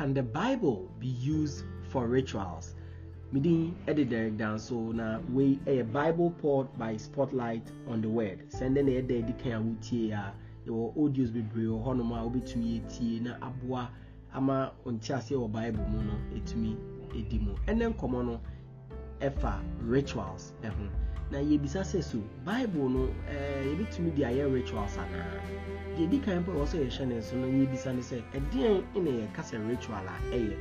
can the Bible be used for rituals? Midin edit Derek down so na we a Bible port by spotlight on the word. Sending e a day the can wutie a your audios be brio honoma obi to ye tie na abua ama ontiase wɔ Bible mono no etumi edi mu. Ɛnɛ nkɔmɔ no ɛfa rituals ɛho. Eh, na yɛbisa sɛ so bible no eh, yɛbɛtumi de ayɛ rituals anaa deɛ ɛdi kan mpo a ɛwɔ sɛ yɛhyɛ ne nso no yɛbisa ne sɛ ɛdeɛn na yɛka sɛ ritual a ɛyɛ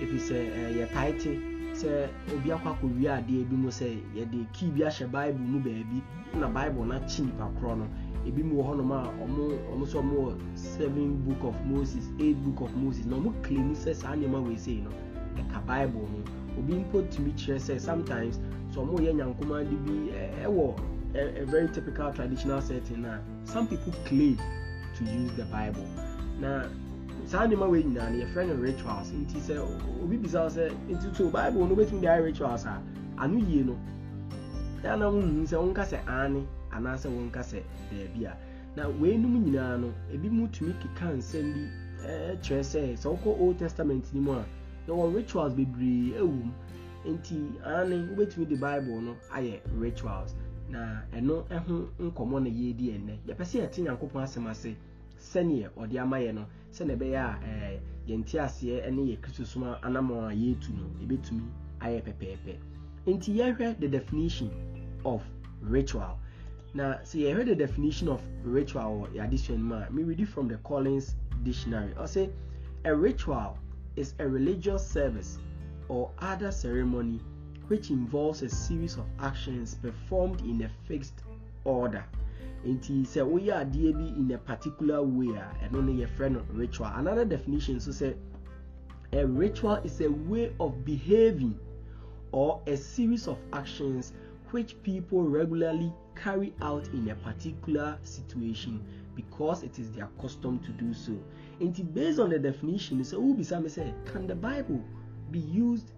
ɛfiri sɛ eh, yɛpae te sɛ obi akɔ akɔwie adeɛ bi mu sɛ yɛde kii bi ahyɛ bible mu baabi na bible no akyi nipa korɔ no ebi mu wɔ hɔnom a ɔmo ɔmo nso ɔmo wɔ seven book of moses eight book of moses na ɔmo kile mu sɛ saa nneɛma wɔ esi no ɛka bible mu obi mpo tumi kyerɛ sɛ sometimes so ɔmo yɛ nyankoma de bi ɛwɔ e, e a e, very typical traditional setting na some people claim to use the bible na saa nneɛma wei nyinaa no yɛfrɛ no rituals nti sɛ obi bisa sɛ nti so bible no wobɛtumi de ayɛ rituals a ano yie no ɛna wohu sɛ wonka sɛ aane anaasɛ wonka sɛ baabi a na weinom nyinaa no ebi mu tumi keka nsɛm bi ɛkyerɛ sɛ sɛ wokɔ old testament ni mu a na wɔn rituals bebree ɛwɔ mu nti ane wobɛtumi de bible no ayɛ rituals na ɛno ho nkɔmmɔ na yɛredi ɛnnɛ yɛpɛ sɛ yɛte nyankopɔn asɛm ase sɛneɛ ɔde ama yɛ no sɛneɛ ɛbɛyɛ a yɛnte aseɛ ne yɛ kristosoma anamɔ a yɛretu no ɛbɛtumi ayɛ pɛpɛɛpɛ nti yɛhwɛ the definition of ritual na sɛ yɛhwɛ the definition of ritual wɔ yɛadesua no mu a meredi from the collins dictionary ɔse a ritual is a religious service or other ceremony which involves a series of actions performed in a fixed order. nti sɛ woyɛ adeɛ bi in a particular way a ɛno no yɛfrɛ no ritual another definition nso sɛ a ritual is a way of behaving or a series of actions which people regularly carry out in a particular situation because it is their custom to do so nti based on the definition sɛ wobisa me sɛ can the bible be used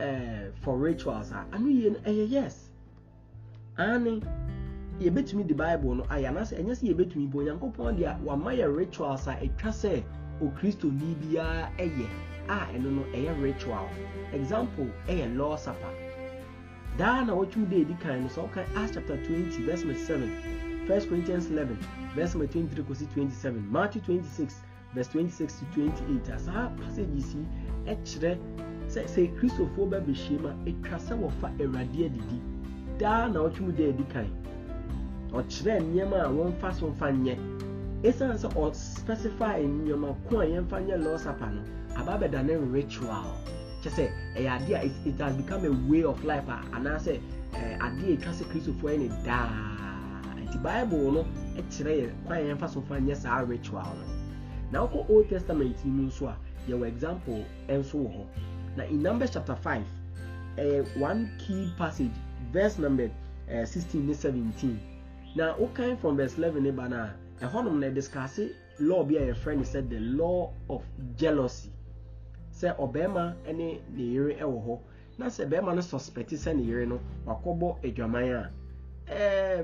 uh, for rituals a ah, ano yie no ɛyɛ yes ani yɛbɛtumi de bible no ayɛ anaasɛ ɛnyɛ sɛ yɛbɛtumi bɔ onyankopɔn deɛ wama yɛ rituals a ah, ɛtwa sɛ okristoni biara ɛyɛ a ah, ɛno no ɛyɛ ritual example ɛyɛ law supper daa na wɔtwum de edi kan no sɛ ɔka acts chapter twenty verse seven first corinthians eleven verse twenty three kosi twenty seven matthew twenty six verse 26 to 28 a passage si ɛkyerɛ sɛ sɛ kristofoɔ bɛ bɛhyia mu a atwa sɛ wɔfa awurade adidi daa na ɔtwe mu da adi kan ɔkyerɛ nneɛma a wɔmfa so mfa nyɛ ɛsiane sɛ ɔspecify nneɛma ko a yɛmfa nyɛ lɔsapa no aba bɛda ne ritual kyɛ sɛ ɛyɛ adeɛ a it has become a way of life a anaasɛ adeɛ atwa sɛ kristofoɔ yɛ ne daa nti bible no kyerɛ yɛ kwan yɛmfa so mfa nyɛ saa ritual no na wokɔ old testament mu nso a yɛwɔ example nso wɔ hɔ na in numbers chapter five ɛyɛ eh, one key passage verse number eh, sixteen ne seventeen na wokan from verse eleven ne ba na ɛhɔnom na ɛdiskase law bi a yɛfrɛ no sɛ the law of jealousy sɛ ɔbɛrima ne ne yere wɔ hɔ na sɛ bɛrima no suspect sɛ ne yere no wakɔbɔ adwaman a ɛɛm. Eh,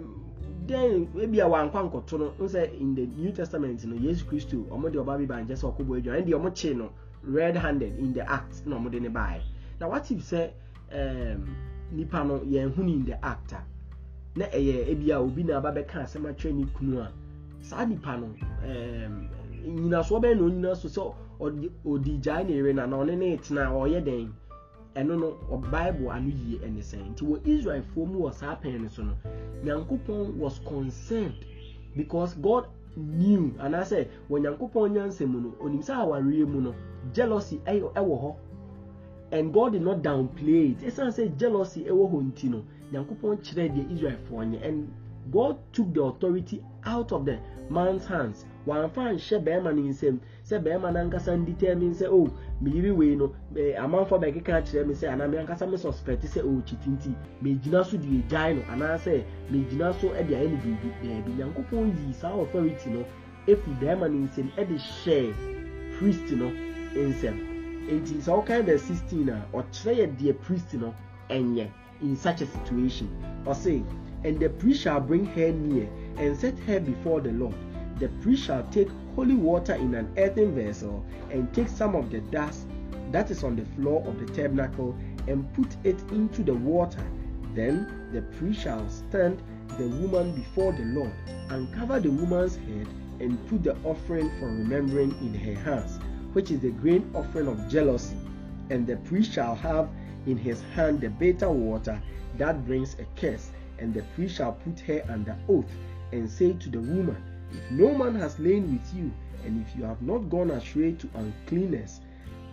den ebi a wankwa nkoto no sɛ in the new testament no yesu kristo ɔmo de ɔba bi ba nkyɛn sɛ ɔkɔ bɔ edwa ɛn deɛ ɔmo kye no red handed in the act na ɔmo de ne baaɛ na wati sɛ ɛɛm um, nipa no yɛn ho in the act a ah? na ɛyɛ ebi a obi na aba bɛka asɛm atwere ne kunu a ah? saa nipa no ɛɛm nyinasoɔ bɛyɛ na onyina so sɛ ɔdi gyae na ere na na ɔne ne tena ɔyɛ den ɛno no bible ano yie ɛne sɛn nti wɔ israelfoɔ mu wɔ saa pɛn no so no nyankopɔn was concerned because god knew anaasɛ wɔ nyankopɔn nyansa mu no onim sɛ awareɛ mu no jealousy ɛwɔ hɔ and god did not downplay it ɛsiane sɛ jealousy ɛwɔ hɔ nti no nyankopɔn kyerɛ deɛ israelfoɔ nyɛ and god took the authority out of the man's hands wɔamfa anhyɛ bɛrima no nsam sɛ bɛrima nankasa ndi tɛɛ mi sɛ oh meyiri wei no ɛɛ amanfoɔ bɛkeka kyerɛ mi sɛ anaa mi ankasa mi suspect sɛ oh kyiti nti megyina so de egyae no anaasɛ megyina so ɛde ayɛ no biribi baabi nyankopɔn yi saa authority no efi bɛrima no nsam ɛde hyɛ priest no nsam nti sɛ ɔkan bɛ sixteen a ɔkyerɛ yɛ deɛ priest no ɛnyɛ in such a situation ɔsɛ and the priest shall bring her near and set her before the lord the priest shall take holy water in an earthen vessel and take some of the dust that is on the floor of the tabernacle and put it into the water. Then the priest shall stand the woman before the Lord, uncover the woman's head, and put the offering for remembering in her hands, which is the grain offering of jealousy. And the priest shall have in his hand the bitter water that brings a curse, and the priest shall put her under oath and say to the woman, if no man has lain with you, and if you have not gone astray to uncleanness,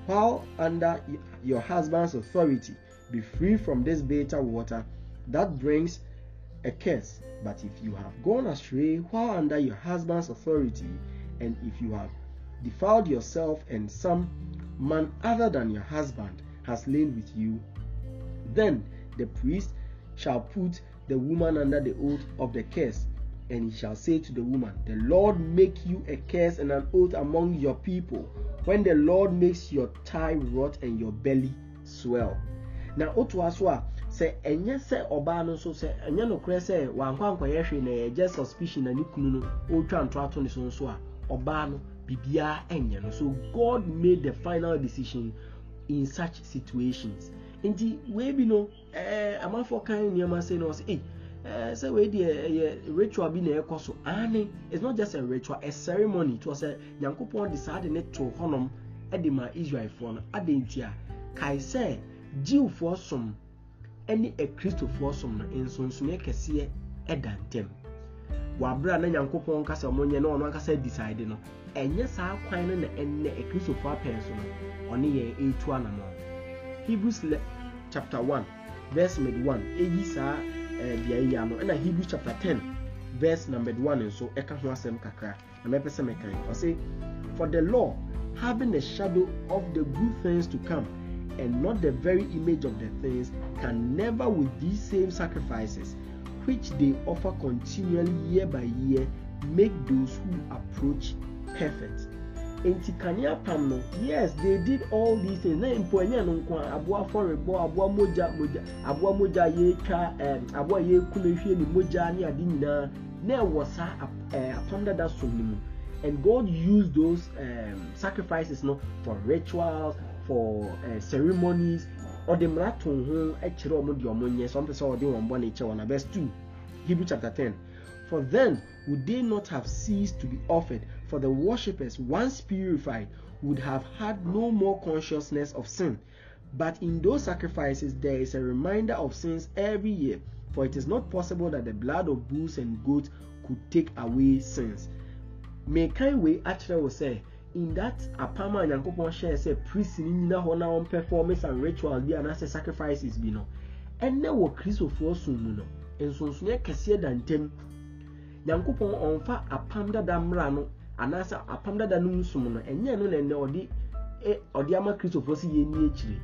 while under your husband's authority, be free from this bitter water that brings a curse. But if you have gone astray while under your husband's authority, and if you have defiled yourself and some man other than your husband has lain with you, then the priest shall put the woman under the oath of the curse And he shall say to the woman, The Lord make you a curse and an oath among your people, when the Lord makes your thigh rot and your belly swell. Na otu aso a sɛ ɛnyɛ sɛ ɔbaa no nso sɛ ɛnyɛ nokorɛ sɛ wankɔ ankɔyɛ hwee na yɛgye suspicion na ne kunu no ɔretwa nto ato ne so nso a ɔbaa no biribiara ɛnyɛ no so God made the final decision in such situations nti wei bi no ɛɛ amanfoɔ kan nneɛma sɛ na ɔsɛ ee. Eh, sɛ wei deɛ ɛyɛ ritual bi na ɛkɔ so aane it's not just a ritual a ceremony to sɛ nyankopɔn de saa de ne to hɔnom ɛde ma israelfoɔ no adantua kae sɛ jiwfoɔ som ɛne akristofoɔ som no nsonsonoɛ kɛseɛ ɛda ntɛm wabere a na nyankopɔn nkasa ɔmo nyɛ na ɔno ankasa decide no ɛnyɛ saa kwan no na ɛnɛ akristofoɔ apɛn so no ɔne yɛn ɛretu anamɔ hebrews chapter one verse mid one ɛyi saa deɛ eh, yɛ ano ɛna hebrew chapter ten verse number one nso ɛka ho asɛm kakra na mɛpɛ sɛ mɛka yi for the law having a shadow of the good things to come and not the very image of the things can never with these same sacrifices which they offer continually year by year make those who approach perfect nti kanea pam no yes they did all these things na mpo ɛnyɛ no nko a aboa afɔrebɔ aboa mogya mogya aboa mogya yɛretwa ɛm aboa yɛreku no ehwie ne mogya ne ade nyinaa na ɛwɔ saa ɛɛ apam dada som ne mu and god used those um, sacrifices no for rituals for uh, ceremonies ɔde mmara to ho kyerɛ wɔn deɛ wɔn nyɛ so wɔn pɛ sɛ ɔde wɔn bɔ ne kyɛ wɔn abɛs two hebrew chapter ten for then would they not have ceased to be offered for the worshippers, once purified, would have had no more consciousness of sin. But in those sacrifices, there is a reminder of sins every year, for it is not possible that the blood of bulls and goats could take away sins. Mekanwe actually will say, in that apama nyankopɔn share say priest ni nyina hɔ na performance and ritual bi anaasɛ sacrifices bi no ɛnɛ wɔ kristofoɔ som mu no nsonsonoɛ kɛseɛ da ntɛm nyankopɔn ɔnfa apam da mmra no anaasɛ apam dada no mu som no ɛnyɛ no na ɛnɛ ɔde ɔde ama kristofoɔ sɛ yɛn ni akyire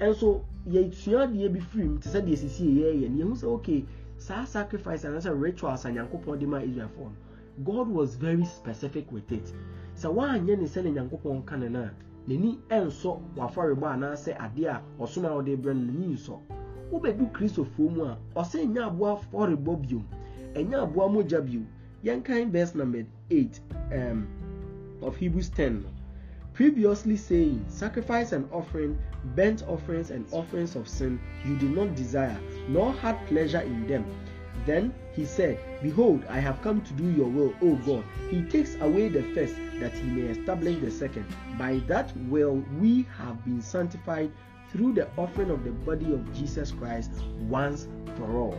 ɛnso yɛtua adeɛ bi firi mu te sɛ deɛ sisi yɛ yɛyɛ no yɛhu sɛ okay saa sacrifice anaasɛ rituals a nyankopɔn de ma israelfoɔ no god was very specific with it sɛ waanyɛ ne sɛ ne nyankopɔn ka ne no a n'ani ɛnsɔ w'afɔrebɔ anaasɛ adeɛ a ɔsom a ɔde brɛ no n'ani nsɔ wobɛdu kristofoɔ mu a ɔsɛ nyɛ aboa afɔrebɔ biom ɛnyɛ aboa mogya biom Yankain verse number 8 um, of Hebrews 10. Previously saying, Sacrifice and offering, burnt offerings and offerings of sin, you did not desire, nor had pleasure in them. Then he said, Behold, I have come to do your will, O God. He takes away the first, that he may establish the second. By that will we have been sanctified through the offering of the body of Jesus Christ once for all.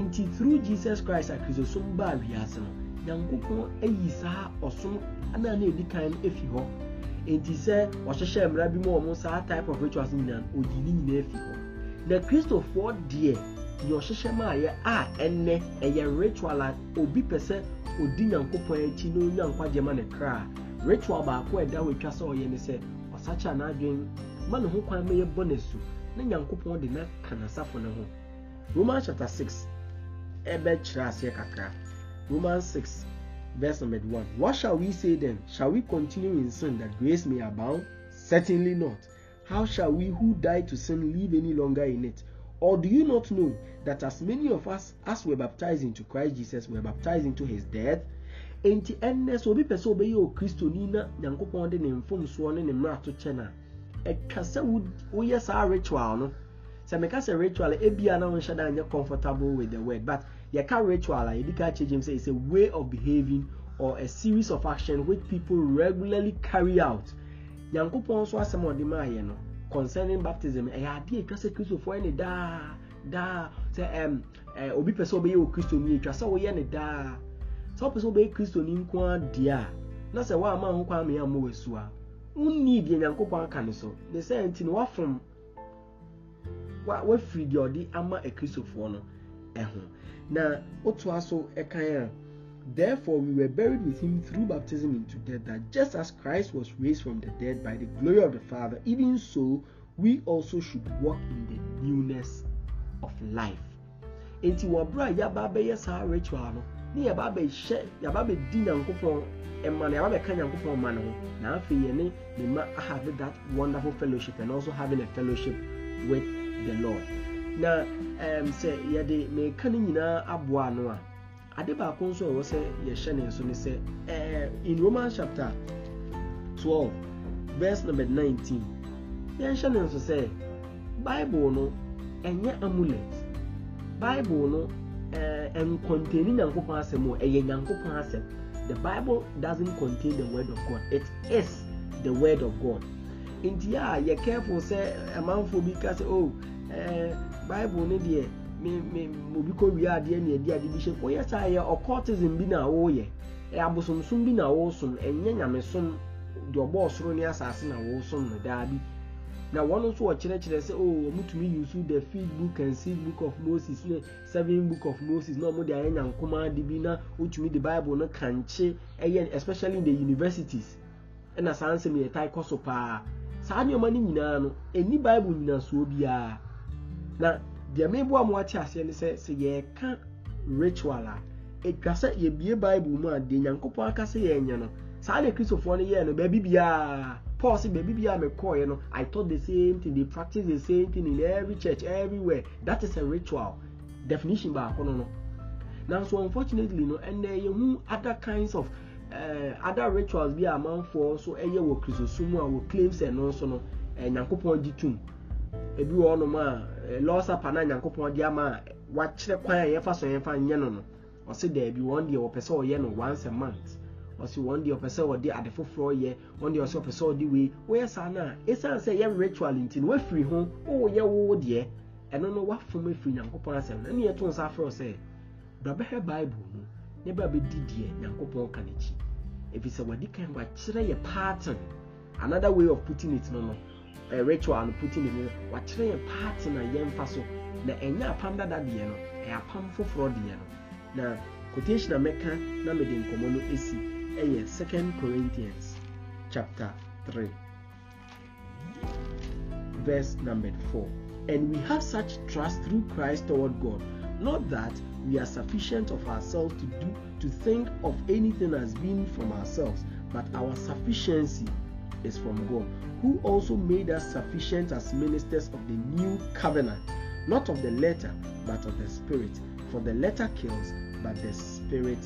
nti through jesus christ a kristosom baa wiase no nyankopɔn ayi saa ɔsom ana na edi kan no efi hɔ nti sɛ ɔhyehyɛ mmara bi mu wɔn saa type of rituals nyinaa no odi ne nyinaa efi hɔ na kristofoɔ deɛ deɛ ɔhyehyɛ maa yɛ a ɛnɛ ɛyɛ ritual a obi pɛ sɛ odi nyankopɔn akyi na onya nkwagye ma ne kra ritual baako a ɛda hɔ atwa sɛ ɔyɛ ne sɛ ɔsakyɛ n'adwene ma ne ho kwan ma bɔ ne so na nyankopɔn de na ka n'asafo ne ho romans chapter six ɛbɛkyerɛ aseɛ kakra romans 6 verse number 1 what shall we say then shall we continue in sin that grace may abound certainly not how shall we who died to sin live any longer in it or do you not know that as many of us as were baptized into christ jesus were baptized into his death nti ɛnnɛ sɛ obi pɛ sɛ obɛyɛ o kristoni na nyankopɔn de ne mfomsoɔ ne ne a sɛ woyɛ saa ritual no sɛ meka sɛ ritual ebia na wɔnhyɛ da nyɛ comfortable with the word but yɛka ritual a yɛdi ka kyerɛ gyem sɛ it's a way of behaving or a series of action which people regularly carry out nyankopɔn nso asɛm a ɔde maa yɛ no concerning baptism ɛyɛ adeɛ etwa sɛ kristofoɔ ɛne daa daa sɛ ɛm ɛɛ obi pɛ sɛ ɔbɛyɛ o kristo ni etwa sɛ ɔyɛ ne daa sɛ ɔpɛ sɛ ɔbɛyɛ kristo ni nko ara deɛ na sɛ wɔn a ma ho kwan mea ma wɔ esu a wɔn nii deɛ nyankopɔn aka ne so ne sɛ nti no wafom wafiri deɛ ɔde ama akristofoɔ no ɛho na otoa so ɛkan a therefore we were buried with him through baptism into death that just as christ was raised from the dead by the glory of the father even so we also should walk in the newness of life nti wɔ abura yaba abɛyɛ saa ritual no ne yaba abɛhyɛ yaba abɛdi nyankopɔn ɛma no yaba abɛka nyankopɔn ma ne ho na afei yɛne ne ma have that wonderful fellowship and also having a fellowship with the lord na um, sɛ yɛde meka no nyinaa aboa ano a ade baako nso a ɛwɔ sɛ yɛhyɛ ne nso ne sɛ uh, in roman chapter 12 verse number 19 yɛnhyɛ ne nso sɛ bible no ɛnyɛ amulet bible no eh, nkɔntɛni nyankopɔn asɛm o ɛyɛ nyankopɔn asɛm the bible doesn't contain the word of god it is the word of god nti a yɛ careful sɛ amanfoɔ bi ka sɛ oh ɛɛ bible ne deɛ me obi kɔ wie adeɛ na ɛdi ade bi hyɛ kɔ saa yɛ occultism bi na wɔreyɛ ɛyɛ abosomsom bi na wɔresom ɛnyɛ nyamesom deɛ ɔbɔ ɔsoro ne asase na wɔresom no daa bi na wɔn nso wɔkyerɛkyerɛ sɛ o oh, wɔn tumi use the fifth book and sixth book of moses ne seven book of moses na wɔn de ayɛ nyankoma adi bi na otumi de bible no kankye ɛyɛ especially in the universities ɛna saa nsɛm yɛ taa kɔ so paa saa nneɛma no nyinaa no ɛni bible nyinasuo biara. na deɛ meboa mo ate aseɛ ne sɛ sɛ yɛreka ritual a ɛtwa sɛ yɛbie bible mu a deɛ nyankopɔn aka sɛ yɛnyɛ no saa ne kristofoɔ no yɛɛ no baabi biara paul sɛ baabi biara mekɔɔeɛ no i thought the same thing they practice the same thing in every church everywhere that is a ritual definition baako no no nanso unfortunately no ɛnɛ yɛhu other kinds of uh, other rituals bi a amanfoɔ so ɛyɛ wɔ krisosum a wɔ claims ɛno nso no eh, nyankopɔn gye tom ebi wɔ hɔnom a Eh, lɔɔsa pa na nyankopɔn de ama a wakyerɛ kwan a yɛfa so yɛmfa nyɛ no no ɔsi dɛbi wɔn deɛ wɔpɛ sɛ ɔyɛ no once a month ɔsi wɔn deɛ ɔpɛ sɛ ɔde ade yɛ wɔn deɛ ɔsi ɔpɛ sɛ wei wɔyɛ saa na esan sɛ yɛ ritual nti no wafiri ho wɔwɔ yɛ wɔwɔ deɛ ɛno no asɛm na uh, ritual and putting in wakyerɛ part in na yɛmfa so na enya apam da deɛ no ɛyɛ apam foforɔ deɛ no na quotation a mɛka na mede nkɔmmɔ no esi ɛyɛ second corinthians chapter three verse number four and we have such trust through christ toward god not that we are sufficient of ourselves to do to think of anything as being from ourselves but our sufficiency is from God, who also made us sufficient as ministers of the new covenant, not of the letter, but of the Spirit. For the letter kills, but the Spirit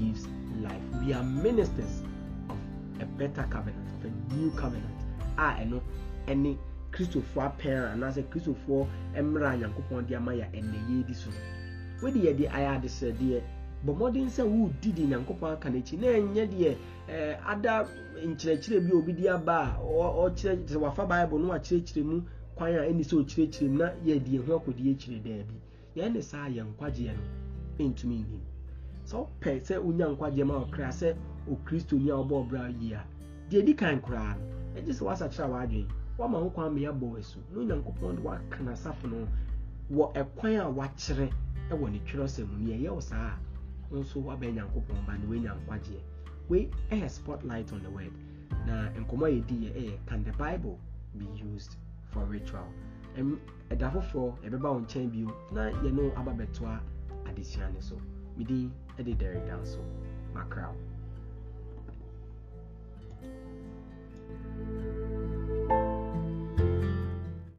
gives life. We are ministers of a better covenant, of a new covenant. Ah, I know any. kristofoɔ apɛɛr anaasɛ kristofoɔ mmerɛ a nyankopɔn de ama yɛ ɛnɛ yɛ di so I had this idea. Uh, bɔ mmɔden sɛ woodi di nyankopɔn aka n'akyi na ɛnyɛ deɛ ɛɛ eh, ada nkyerɛkyerɛ bi a obi di aba a ɔkyerɛ sɛ wafa bible no wakyerɛkyerɛ mu kwan a ɛni sɛ ɔkyerɛkyerɛ mu na yɛdie ho akɔdi akyire daabi yɛn ne saa yɛn nkwagyeɛ no ntumi nni sɛ ɔpɛ sɛ onya nkwagyeɛ ma ɔkra sɛ okristo ni a ɔbɔ ɔbra yi a deɛ edi kan koraa no ɛgye sɛ wasakyerɛ wadwen wama ho kwan mmea bɔ ɛso na onyankopɔn de wakana safo no wɔ ɛkwan a wakyerɛ ɛwɔ e ne twerɛsɛm mu yɛyɛ wɔ saa a wo nso woabɛn nyankopɔn ba ne woanya nkwagyeɛ wei ɛyɛ spotlight on the word na nkɔmmɔ yɛdi yɛ ɛyɛ can the bible be used for ritual ɛda foforɔ yɛbɛba wo nkyɛn bio na yɛne aba bɛtoa adesua ne so medin ɛde dɛredan so makraw